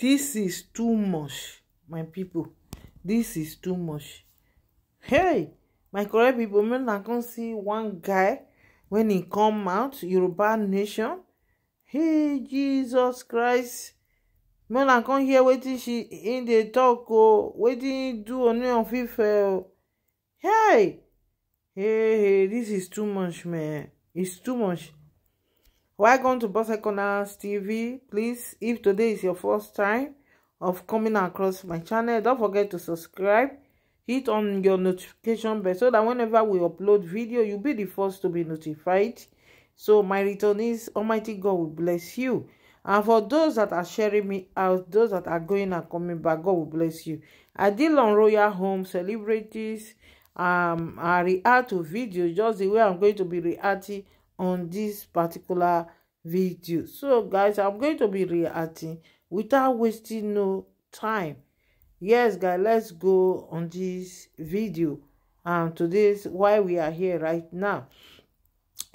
this is too much my people this is too much hey my correct people make una come see one guy when he come out Yoruba Nation hey Jesus Christ make una come hear wetin she in the talk o wetin he do on your Ife o hey hey hey this is too much man it's too much welcome to Boss Corners TV please if today is your first time of coming across my channel don't forget to subscribe hit on your notification bell so that whenever we upload video you'll be the first to be notified so my return is almighty god will bless you and for those that are sharing me out those that are going and coming back god will bless you i deal on royal home celebrities um i react to videos just the way i'm going to be reacting on this particular video so guys i'm going to be reacting without wasting no time yes guys let's go on this video and today's why we are here right now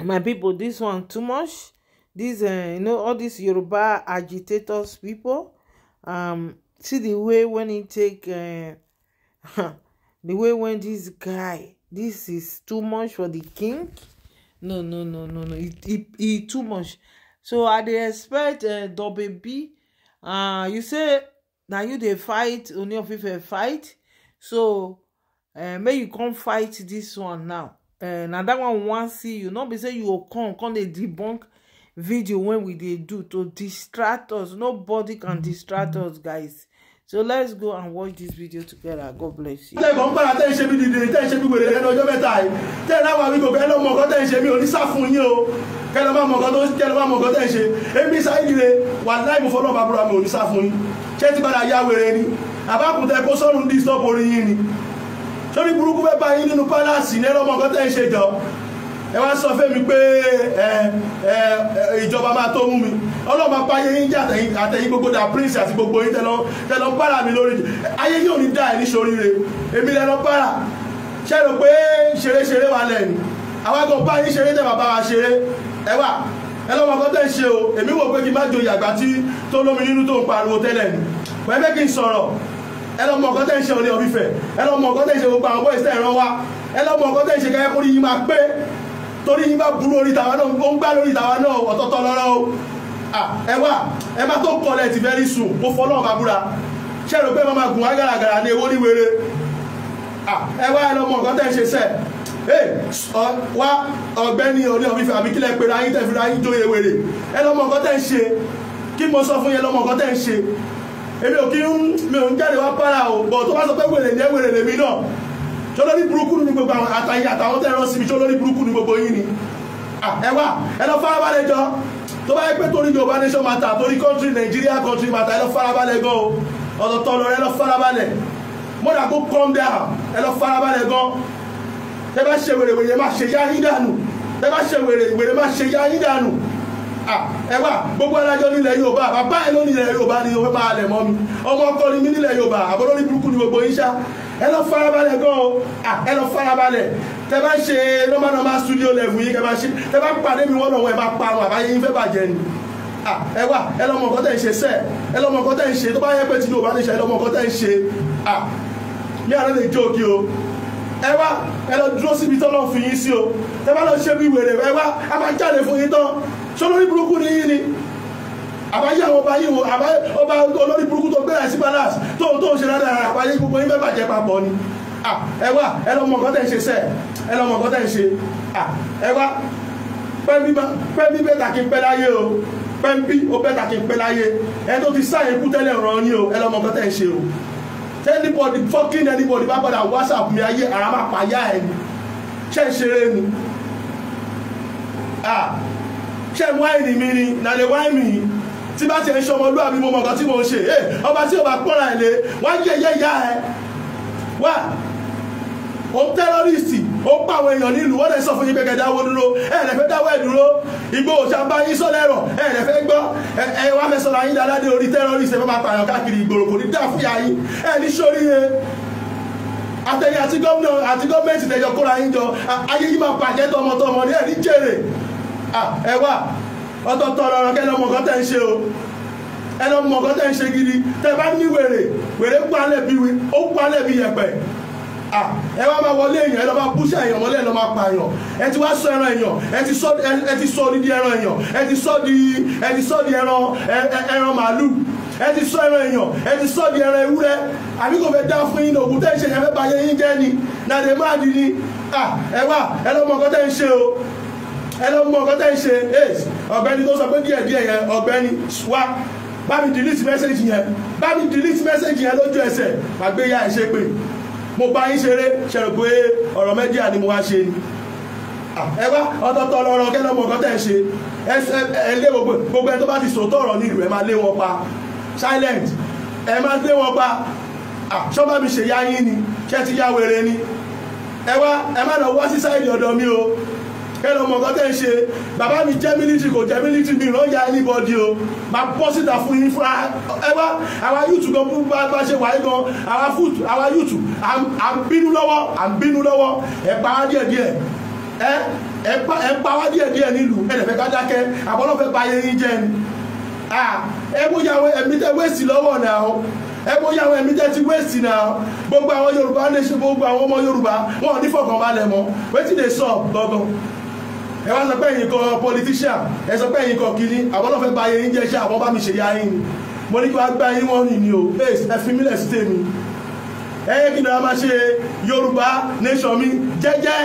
my people this one too much this uh, you know all these yoruba agitators people um see the way when he take uh, the way when this guy this is too much for the king no no no no no e e, e too much so i dey expect uh, B, uh, you say na you dey fight Ooni of Ife fight so uh, make you come fight this one now uh, na that one wan see you no be say you go come come dey debunk video wey we dey do to distract us nobody can distract us guys so let's go and watch this video together god bless you. ṣẹ́gun gbára tẹ́ ń ṣe mí dìde tẹ́ ń ṣe mí wèrè lẹ́nu ọjọ́ mẹ́ta yìí tẹ́ ẹ láwọn àmì kò kẹ́ ọkọ tẹ́ ń ṣe mí oníṣà fún yín o kẹ́ máa mọ ọkọ tó kẹ́ máa mọ ọkọ tẹ́ ń ṣe èmi ṣáìdìre wà láì mo fọlọ́ bàbúrò àmì oníṣà fún yín ṣé ti padà yá wèrè ni àbákùntẹ́ kó sọ́run disturb orin yín ni sórí burúkú fẹ́ bá yín nínú ẹ wá sọ fẹ́mi pé ìjọba máa tó mú mi ọlọ́run máa pa ayé yín jẹ́ àtẹ̀yìn gbogbo dà prince àti gbogbo yín tẹ̀lọ́ tẹ̀lọ́ bára mi lórí ayé yóò ní dá ẹ̀ ní soríire èmi lẹ́lọ́ bára ṣe rò pé ṣeréṣeré wà lẹ́nu àwọn àgbọ̀n bá yín ṣeré tẹ̀ bàbá wa ṣeré ẹ wà ẹ lọ́mọ kan tẹ̀ ṣe o èmi wò pé kí n má joyè àgbà tí tó lómi nínú tó ń pariwo tẹ́lẹ̀ ni pẹ̀lẹ́ kí n sọ̀rọ̀ ẹ lọ́mọ kan tẹ̀ ṣe olè ọ̀fífẹ́ ẹ lọ́mọ kan tẹ̀ ṣe gbogbo àwọn bọ́ìsì tẹ̀ ẹ̀rọ wa ẹ lọ́mọ kan tẹ̀ ṣe kẹ́kẹ́ kórìí yín máa pé torí yín bá burú orí tàwa náà ó ń gbá lórí tàwa náà ọ̀tọ̀ọ̀tọ̀ lọ́rọ́ o ẹ wá ẹ má tó kọlẹ̀ ti very soon mo fọlọ́ ọba búra ṣé rò pé má máa gùn wá gàràgàrà ní ewó níwèrè ẹ wá ẹ lọ mọ nǹkan tẹ́ ẹ ṣe sẹ́ wá ọ̀gbẹ́ni orí ọ̀fífẹ́ àbí kílẹ̀ pé ra yín tẹ́ fi ra yín jóye wèrè ẹ lọ mọ nǹkan tẹ́ ẹ ṣe kí mo sọ fún yẹn lọ mọ nǹkan tẹ́ ẹ ṣe èmi ò kí mi ò ń jáde wá para o bọ̀ tó bá sọ pé wèrè ní ẹ wèrè lèmi náà tó lórí burúkú ní gbogbo àwọn àtàyè àtàwọn tẹ́ ẹran síbi tó lórí burúkú ní gbogbo yín ni ẹ wá ẹ jọ tó bá yẹ pé torí Yorùbá nation matter torí country Nigeria country mata ẹ lọ farabalẹ̀ gan o ọ̀dọ̀ tọ́lọ ẹ lọ farabalẹ̀ mọ́dà kó calm down ẹ lọ farabalẹ̀ gan ẹ bá ṣe wèrè wèrè má ṣe yá yín dànù ẹ bá ṣe wèrè wèrè má ṣe yá yín dànù ẹ wá gbogbo alájọ nílẹ̀ Yorùbá bàbá ẹ ló nílẹ̀ Yorùbá ni ó máa lẹ̀ mọ́ mi ọmọ ọkọ ni mi nílẹ̀ Yorùbá àbọ̀lórí burúkú ni gbogbo ẹ lọ farabalẹ̀ gan o ẹ lọ farabalẹ̀ tẹ bá ṣe normal normal studio level yìí kẹ bá ṣe tẹ bá pàdé mi wọ́nà wọn ẹ bá parun àbáyé yín fẹ́ bàjẹ́ ni ẹ wà ẹ lọ́mọ nǹkan tẹ̀ ń ṣe sẹ́ẹ̀ ẹ lọ́mọ nǹkan tẹ̀ ń ṣe tó bá yẹ pé tinubu bá ti ṣe ẹ lọ́mọ nǹkan tẹ̀ ń ṣe mi àná lè jó kí o ẹ wá ẹ lọ dúró síbi tọ́lọ́ fi yín sí o tẹ bá lọ ṣe bí wèrè ẹ wá a máa jáde fún yín tán ṣọlọ́rí burúkú ni àbáyé àwọn ọba yìí wo àbáyé ọba olórí burúkú tó gbéra sí balance tó tó ń ṣe dáadáa àbáyé gbogbo yín fẹ́ bàjẹ́ papọ̀ ni ẹ wá ẹ lọ mọ̀ nǹkan tẹ̀ ń ṣe sẹ́ẹ̀ ẹ lọ mọ̀ nǹkan ṣe ẹ wá pẹ́ẹ́mí bẹ́tà kí n pẹ́ láyé o pẹ́ẹ́mí ó bẹ́tà kí n pẹ́ láyé ẹ tó ti sáyé kú ràn ní o ẹ lọ mọ̀ nǹkan ṣe o anybody fucking anybody bá padà whatsapp mi ayé ara máa pàyà ẹ ni ṣe ń ṣeré ni ṣe ń wáìnì mi ni nàlẹ́ wáìnì yìí tí bá ti ẹ̀ ń ṣọmọlúwàbí mo mọ̀ nǹkan tí mo ń ṣe ẹ eh, ọba tí o bá pọ́nra ẹ̀ lé wá yẹ yẹ ya ẹ wá o tẹ́rọ́rìsì ó pa àwọn èèyàn nílùú wọ́n lè sọ fún yín pé kẹ́ dáwọ́ dúró ẹ̀ lè fẹ́ dáwọ́ ẹ̀ dúró igbó òṣàmbá yín sọ́lẹ̀rọ̀ ẹ̀ lè fẹ́ gbọ́ ẹ̀ wá fẹ́ sọ̀rọ̀ ayín dáadáa orí tẹ́rọ́rìsì ẹ̀ fẹ́ máa pààyàn káàkiri ìgboro kò ní dá fún yàyín ẹ̀ ní sórí yẹn àtẹ̀yìn àti gómìnà àti gómìnà tẹ̀jọ kóra yín jọ ayé yín máa bàjẹ́ tọmọtọmọ ní ẹ̀ ní jèrè ẹ̀ wá ọ̀tọ̀ọ̀tọ̀ ọ̀rọ̀ kẹ́ lọ́mọ nǹkan tẹ́ ń ṣe o ẹ lọ́mọ nǹkan tẹ́ ń ṣe gidi tẹ́ bá ní wèrè wèrè gbalẹ̀ bí wi ó gbalẹ̀ bí yẹ̀pẹ̀ ẹ wá máa wọlé èèyàn ẹ lọ máa búṣẹ èèyàn mọ́lẹ̀ ẹ lọ máa pa èèyàn ẹ ti wá sọ ẹran èèyàn ẹ ti sọ odidi ẹran èèyàn ẹ ti sọ di ẹ ti sọ di ẹran ẹran màálù ẹ ti sọ ẹran èèyàn ẹ ti sọ di ẹran ewúrẹ́ àbí kò fẹ́ dá fún yín lòògùn tẹ́ ń ṣe ẹ̀fẹ́ bàyẹ̀ yín jẹ́ ni nàdè máàdì ni ẹ wá ẹ lọ́mọ nǹkan tẹ́ ń ṣe o ẹ lọ mọ ọkọ tẹ́ ń ṣe ọ̀gbẹ́ni tó sọ pé díẹ̀ díẹ̀ yẹn ọ̀gbẹ́ni wá bá mi delete message yẹn bá mi delete message yẹn lójú ẹsẹ̀ àgbéyà ẹ̀ ṣe pé mo bá yín ṣeré ṣẹlẹ̀ pé ọ̀rọ̀ mẹ́díà ni mo wá ṣe ni ẹ wá ọ̀tọ̀ọ̀tọ̀ lọ́rọ̀ kẹ́ lọ́mọ ọ̀gá tẹ̀ ń ṣe ẹ lé gbogbo ẹ tó bá ti sòótọ́ ọ̀rọ̀ nílùú ẹ máa lé wọn pa silent ẹ máa lé wọn pa ṣọ́bà mi ṣe yá yín ni ṣé ti yá wèrè ni ẹ wá ẹ má lọ wá sí sáìdì ọ̀dọ̀ mi o kẹ́lẹ́ ọmọ nǹkan tẹ́ ń ṣe bàbá mi jẹ́ mílítì kò jẹ́ mílítì mi ìran ya anybody o máa bọ́ síta fún yín fúnra ẹ wá àwa yúùtù gan fún bá bá ṣe wáyé gan àwa fúùtù àwa yúùtù à ń bínú lọ́wọ́ à ń bínú lọ́wọ́ ẹ pa wá díẹ̀ díẹ̀ ẹ ẹ pa wá díẹ̀ díẹ̀ nílùú ẹ lè ká dákẹ́ àbọ̀lọ́fẹ́ bá yẹ yín jẹ́ ni ẹ bóyá ẹ̀mí tẹ́ wéèsì lọ́wọ́ náà ẹ bóyá àwọn ẹ̀mí ti wéèsì náà gbogbo àwọn Yorùbá lè ṣe gbogbo àwọn ọmọ Yorùbá wọn ò ní fọkànbalẹ̀ mọ́ wetin dey sup gbọgbọ ẹ wá sọ pé ẹ̀yin kan politician ẹ sọ pé ẹ̀yin kan kínní àwọn náà fẹ́ gba ayé jẹ́ iṣẹ́ àwọn bá mi ṣe ya yín ni mo ní kí wàá gbá yín wọ́n ni o ẹ fi mílẹ̀ sí tèmi ẹ yẹ kí n ra máa ṣe Yorùbá nation mi jẹ́jẹ́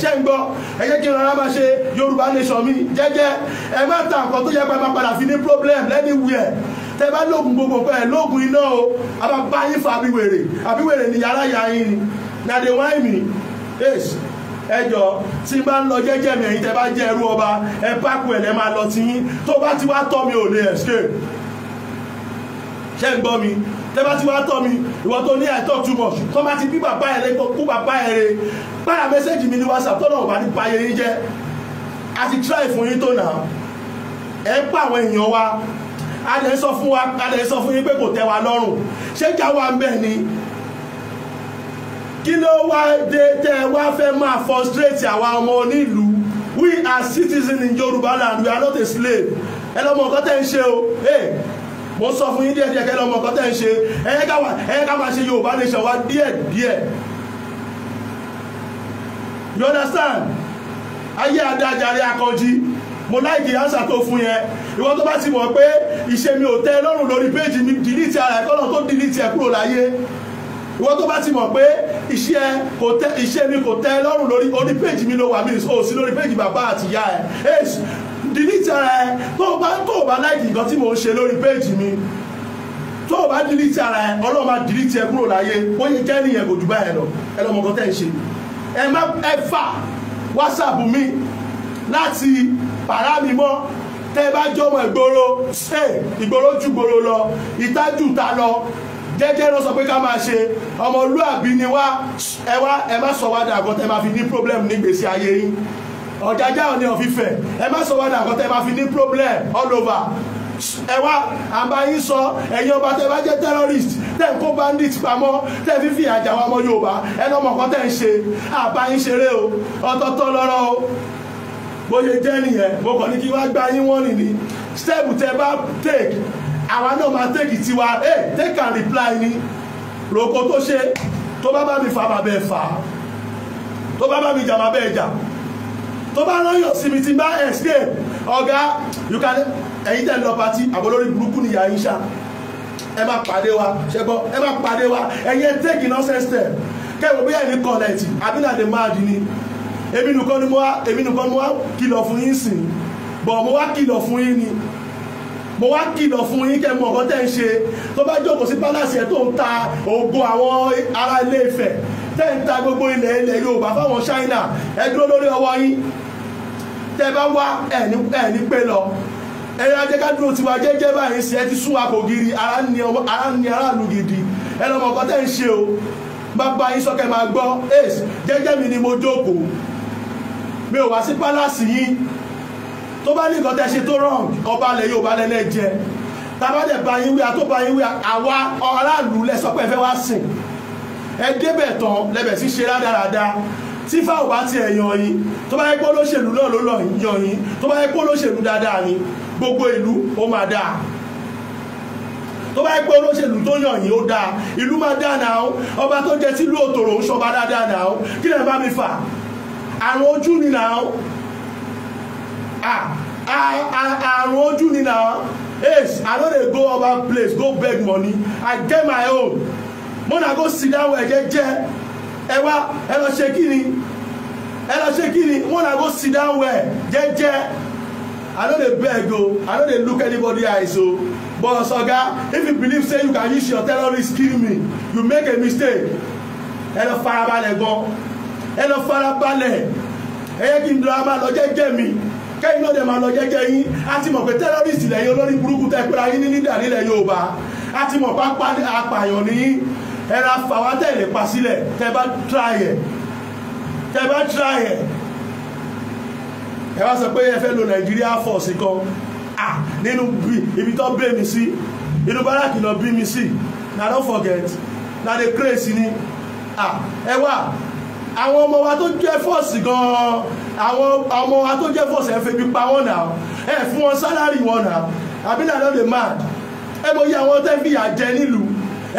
ṣe ń gbọ́ ẹ jẹ́ kí n rárá máa ṣe yorùbá nation mi jẹ́jẹ́ ẹ má ta nǹkan tó yẹ pé ẹ máa padà fi ní problem anywhere tẹ bá lóògùn gbogbo pẹ́ lóògùn iná o a máa bá yín fa àbíwèrè àbíwèrè ni yàrá yà yín ni na dey whine me ẹjọ́ tí bá ń lọ jẹ́jẹ́ mi ẹ̀yin tẹ́ bá jẹ́ ẹrú ọba ẹ pákó ẹ̀ lẹ́ máa lọ ti yín tó bá ti wá tọ́ mi ò lè escape ṣé ń gbọ́ mi tẹ́ bá ti wá tọ́ mi ìwọ tó ní I talk too much tó bá ti bí bàbá ẹ̀ lẹ́kọ̀ọ́ kú bàbá ẹ̀ rẹ̀ pàrà mẹ́sẹ́jì mi ní WhatsApp tó náà bá ní payé yín jẹ́ a ti try fún yín tó nà ẹ pa àwọn èèyàn wa a lè sọ fún wa a lè sọ fún yín pé kò tẹ́ wa lọ́rùn ṣé jáwọ́ à ni kí ló wá dé tẹ́ ẹ wá fẹ́ máa frustrate àwa ọmọ onílùú we are citizens in Yorùbá land we are not a slave ẹ lọ́mọ nǹkan tẹ́ ń ṣe o mo sọ fún yín díẹ̀díẹ̀ kẹ́ lọ́mọ nǹkan tẹ́ ń ṣe ẹ̀yẹ́ ká máa ṣe Yorùbá nation wa díẹ̀díẹ̀ you understand ayé adájàre akọjí mo láìkì ánsà tó fún yẹn ìwọ tó bá ti mọ̀ pé ìṣe mi ò tẹ́ lọ́rùn lórí péjì mi dìlítì ara ẹ̀kọ́ náà tó dìlítì ẹ̀ kúrò láyé ìwọ tó bá ti mọ̀ pé iṣẹ́ kò tẹ iṣẹ́ mi kò tẹ lọ́rùn lórí orí péjì mi ló wà mí ò sí lórí péjì bàbá àti ìyá ẹ dìlítì ara ẹ tó o bá tó o bá láìkì nǹkan tí mò ń ṣe lórí péjì mi tó o bá dìlítì ara ẹ ọlọ́run máa dìlítì ẹ kúrò láyé ó yẹ jẹ́ nìyẹn kò jù báyẹn lọ ẹ lọ́mọ kan tẹ́ ń ṣe ẹ má ẹ fà whatsapp mi láti pàrá mi mọ́ tẹ́ bá jọmọ ìgboro ṣe ìgboro ju ìgboro lọ ìta ju ìta lọ jẹ́jẹ́ ló sọ pé ká máa ṣe ọmọlúàbí ni wá ẹ wá ẹ má sọ wá dàgọ́ tẹ́ máa fi ní problem nígbèésí ayé yín ọ̀jájá ò ní ọ̀fífẹ̀ ẹ má sọ wá dàgọ́ tẹ́ máa fi ní problem all over ẹ wá àbáyín sọ ẹ̀yin ọba tẹ́ bá jẹ́ terrorist tẹ́ ń kó bandit pamọ́ tẹ́ fífi àjà wa ọmọ Yorùbá ẹ lọ́mọ kan tẹ́ ń ṣe àbáyín ṣeré o ọ̀tọ̀ọ̀tọ̀ lọ́rọ̀ o bóyá jẹ́ nìyẹn mo kàn ní kí wá gbá yín wọ́n nìyí step tẹ́ bá take àwa náà máa tẹ́kì tiwa ẹ tẹ́kà reply ni roko tó ṣe tó bá bá mi fa bàbá ẹ̀ fà á tó bá bá mi jà bàbá ẹ̀ jà tó bá rán yàn síbi tí n bá escape ọ̀gá yùkà ẹ̀yin tẹ̀ lọ pati àbọ̀lórí burúkú nìyá yín ṣá ẹ má pàdé wa ṣẹgbọ́n ẹ má pàdé wa ẹ̀yin ẹ tẹ́kì nonsense step kẹ́wọ̀n bí ẹni kọ̀lẹ̀tì àbínàdé máa dì ní èmi nìkan ni mo wá kìlọ̀ fún yín sìn bọ̀ mo wá kìlọ̀ fún yín ni mo wá kìlọ̀ fún yín kẹ́ mọ ọ̀rọ̀ tẹ́ ń ṣe tó bá jókòó sí pálásì ẹ̀ tó ń ta ògo àwọn ará ilé Ifẹ̀ tẹ́ ń ta gbogbo ilẹ̀ ilẹ̀ Yorùbá fáwọn China ẹ dúró lórí ọwọ́ yín tẹ́ bá wá ẹ̀ ní pé lọ ẹ̀rọ ajẹ́kádùn tiwa jẹ́jẹ́ báyìí sí ẹ ti sún akògiri ara ní aráàlú gidi ẹ lọ́mọ ọkọ tẹ́ ń ṣe o bàbá yín sọ́kẹ́ máa gbọ́ ace jẹ́jẹ́ mi ni mo jókòó mi ò wá sí pálásì yín tó bá ní nǹkan tẹ́ ṣe tó wrong ọba alẹ̀ yóò bá lẹ́lẹ́ jẹ tábà dẹ̀ bá yín wí àtó bá yín wí àwa aráàlú lẹ sọ pé ẹ fẹ́ wá sìn ẹ débẹ̀ tán lẹ́bẹ̀ sí ṣe rádaràda tí fáwọn bá tiẹ̀ yan yín tó bá yẹ pé olóṣèlú náà ló yan yín tó bá yẹ pé olóṣèlú dáadáa ni gbogbo ìlú ó máa dáa tó bá pé olóṣèlú tó yàn yìí ó dáa ìlú máa dáa náà ọba tó jẹ sílùú òtòrò ń ṣọba dáadáa náà kí lè bá mi fà àwọn ojú ni náà ah i i i won do ni na yes i no dey go other place go beg money i get my own mo na go sit down where jeje ẹ wá ẹ lọ ṣe kí ni ẹ lọ ṣe kí ni mo go sit down where jeje i no dey beg o i no dey look anybody eyes o but oga if you believe say you can use your terrorist kill me you make a mistake ẹ lọ farabalẹ̀ gan ẹ lọ farabalẹ̀ ẹ yẹ kí n dọ́ra máa lọ jẹ́jẹ́ mi kẹ́yìn náà dẹ̀ máa lọ jẹ́jẹ́ yín a ti mọ̀ pé tẹ́rọ́rìsì lẹ́yìn olórí burúkú tẹ́ pẹ́ra yín ní nídà nílẹ̀ Yorùbá a ti mọ̀ pápá apààyàn ní ẹ̀ra fàwa tẹ̀ lè pa sílẹ̀ tẹ́ bá try ẹ̀ tẹ́ bá try ẹ̀ ẹ wá sọ pé ẹ fẹ́ lo Nàìjíríà force kan ah nínú ibi tó bẹ́ mi sí inú báràkì lọ bí mi sí na don't forget na the craze ni ah ẹ wá àwọn ọmọ wa tó jẹ́ force gan-an àwọn àwọn atójẹ́ fọ̀sẹ̀ febi pa wọ́n náà ẹ fún wọn sálárì wọn náà àbílẹ̀ náà lè máa ẹ mọ̀ yí àwọn tẹ́ fìyà jẹ nílùú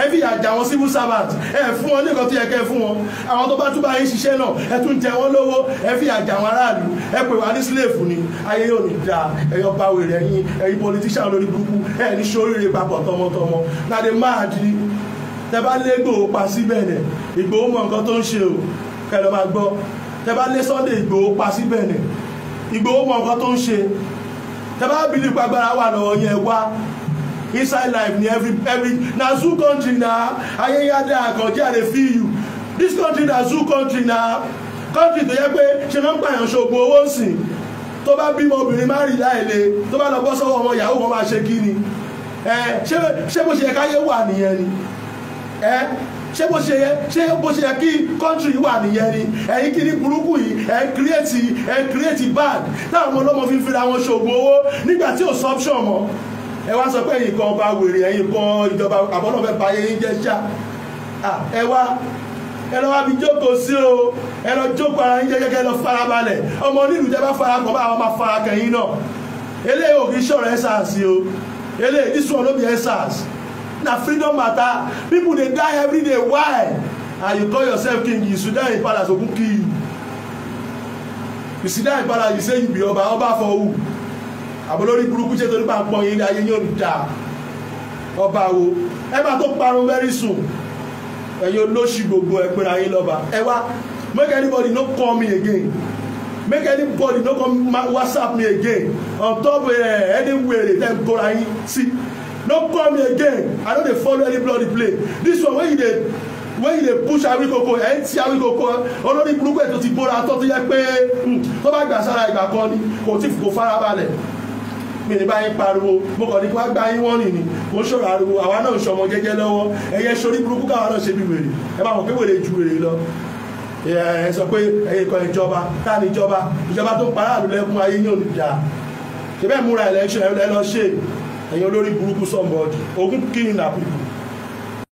ẹ fìyà jẹ àwọn civil servant ẹ fún wọn ní nǹkan tó yẹ kẹ́ fún wọn àwọn tó bá tún bá yín ṣiṣẹ́ náà ẹ tún jẹ wọn lówó ẹ fìyà jẹ àwọn aráàlú ẹ pè wá ní slave ni ayé yóò ní dáa ẹyọ báwé rẹ yín ẹyin politician lórí burúkú ẹ ní sóríire papọ̀ tọmọtọmọ náà lè máa di tẹ bá lé gbòó pa síbẹ̀ rẹ̀ ìgbòho mọ nǹkan tó ń ṣe o kẹlẹ́ máa gbọ́ tẹ́bá lé Sunday Ìgbòho pa síbẹ̀ nì Ìgbòho mọ nǹkan tó ń ṣe tẹ́bá bìlì pàgbára wà lọ́wọ́ yẹn wá inside life ni every every na zoo country na ayéyáde àkànjẹ́ àdè fi you this country na zoo country na country tó yẹ pé ṣe máa ń pààyàn ṣoògùn owó ń sìn tó bá bímọ obìnrin má rí láìle tó bá lọ bọ́ sọ́wọ́ ọmọ yahoo wọn máa ṣe kí ni ṣé bó ṣe yẹ káyé wà nìyẹn ni ṣé bó ṣe yẹ ṣé bó ṣe yẹ kí kọ́ńtírì wà nìyẹn ni ẹ̀yin kí ní burúkú yìí ẹ̀ ń kírètì ẹ̀ ń kírètì bad táwọn ọlọ́mọ fi ń fira wọn ṣògbọ́n owó nígbà tí ò sọ́pṣọ̀ mọ́ ẹ wá sọ pé ẹ̀yin kan ọba wèrè ẹ̀yin kan ìjọba àbọ̀nà fẹ́ ba ẹ̀yin jẹ́ ṣá ẹ wá ẹ lọ wá bí jókòó sí o ẹ lọ jókòó ara yín jẹ́jẹ́ lọ farabalẹ̀ ọmọ onílù jẹ́ bá fara kan bá àwọn máa fara kẹ́yìn náà eléyìí ò kì í ṣọ̀rọ̀ ẹ̀ sars o eléyìí dísùn olóbi ẹ̀ sars na freedom matter people dey die every day why and ah, you call yourself king you sit down in palace ogun kill you you sit down in palace you say you be ọba ọba for who àbọ̀lórí burúkú ṣe torí máa ń pọn yín ní ayé yín ò ní dáa ọba wo ẹ máa tó parun very soon ẹ̀yin olóṣì gbogbo ẹ pera yín lọ́ba ẹ wá make anybody no call me again make anybody no come whatsapp me again on top ẹ ẹni wèrè tẹ́ ń kóra yín sí. Si no call me again i no dey follow any bloody play this one wey you dey wey you dey push awikoko ẹ eh, ń ti awikoko olórí burúkú ẹ tó ti bóra tó tó yẹ pé hmm, tó bá gbà sára ìgbà kan ni kò tí kò farabalẹ̀ mi ní báyìí pariwo mo kàn ní kí wọ́n gbá yín wọ́n nìyí kò ń ṣòro ariwo àwa náà ń ṣọmọ gẹ́gẹ́ lọ́wọ́ ẹ̀yẹ sori burúkú káwa náà ṣe bí wèrè ẹ bá mọ̀ pé wèrè ju wèrè lọ ẹ sọ pé ẹ̀yẹ kan ìjọba tá ní ìjọba ìjọba tó ń paráàlú lẹ́kún ayé yóò dà ṣe bẹ́ẹ̀ múra election ẹ̀ lọ́ ṣe ẹ̀yin olórí burúkú sọ́mbọ́ọ̀dì ogún kí ni nàbùkù